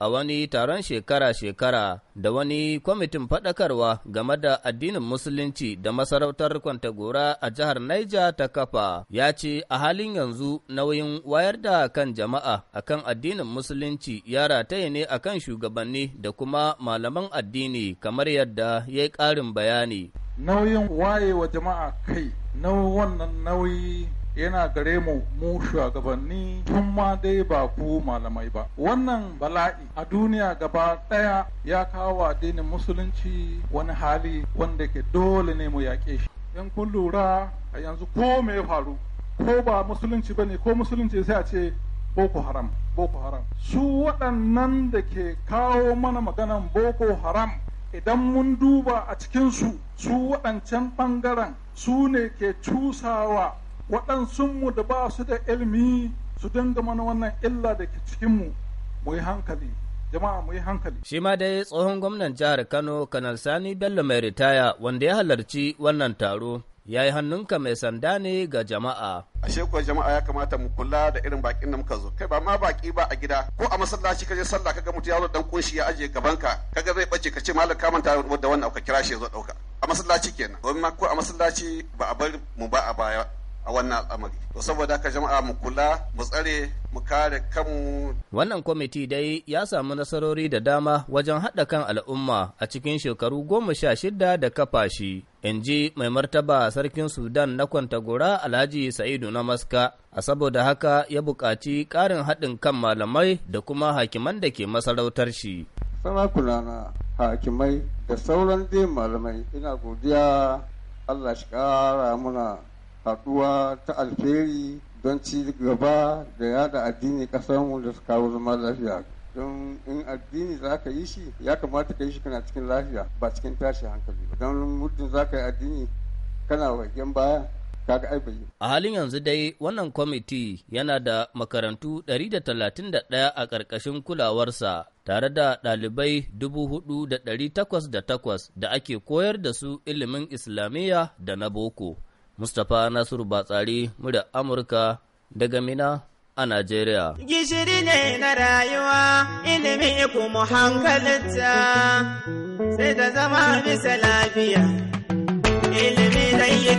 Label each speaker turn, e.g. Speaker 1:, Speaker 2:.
Speaker 1: a wani taron shekara-shekara da wani kwamitin faɗakarwa game da addinin musulunci da masarautar Kwantagora a jihar Niger ta kafa ya ce a halin yanzu nauyin wayar da kan jama'a akan addinin musulunci ya rataye ne akan shugabanni da kuma malaman addini kamar yadda ya yi ƙarin bayani.
Speaker 2: Nauyin wayewa jama'a kai, nauyi wannan nauyi yana gare mu mu shugabanni tun ma dai ba ku malamai ba wannan bala'i a duniya gaba ɗaya ya kawo addinin musulunci wani hali wanda ke dole ne mu yaƙe shi in kun lura a yanzu ko me ya faru ko ba musulunci ba ne ko musulunci sai a ce boko haram boko haram su waɗannan da ke kawo mana maganan boko haram idan mun duba a cikinsu su waɗancan ɓangaren su ne ke cusawa waɗansunmu da ba su da ilimi su dinga mana wannan illa da ke cikinmu mu yi hankali jama'a mu yi hankali.
Speaker 1: Shi ma dai tsohon gwamnan jihar Kano Kanal Sani Bello mai ritaya wanda ya halarci wannan taro ya yi hannunka mai sanda ne ga jama'a. Ashe kuwa
Speaker 3: jama'a ya kamata mu kula da irin bakin da muka zo kai ba ma baki ba a gida ko a masallaci kaje sallah kaga mutum ya zo dan kunshi ya aje gaban ka kaga zai bace ka ce malam ka manta da wannan ka kira shi ya zo dauka a masallaci kenan domin ma ko a masallaci ba a bar mu ba a baya a wannan al'amari to saboda haka jama'a mu kula mu tsare mu kare kanmu
Speaker 1: wannan kwamiti dai ya samu nasarori da dama wajen haɗa kan al'umma a cikin shekaru goma sha shida da kafa shi in ji mai martaba sarkin sudan na kwantagora alhaji sa'idu na maska a saboda haka ya buƙaci ƙarin haɗin kan malamai da kuma hakiman da ke masarautar shi
Speaker 4: sarakunana hakimai da sauran dai malamai ina godiya allah shi ƙara muna haɗuwa ta alheri don ci gaba da yada addini ƙasarmu da su kawo zama lafiya don in addini za ka yi shi ya kamata ka yi shi kana cikin lafiya ba cikin tashi hankali ba don muddin za ka yi addini kana wajen baya ai bai
Speaker 1: a halin yanzu dai wannan kwamiti yana da makarantu 131 a ƙarƙashin kulawarsa tare da ɗalibai 4,808 da ake koyar da su ilimin islamiyya da na boko Mustapha Nasiru Batsari, murya Amurka daga Mina a Najeriya. Gishiri ne na rayuwa, ilimi kuma hankalinta, sai da zama bisa lafiya, ilimi zai yi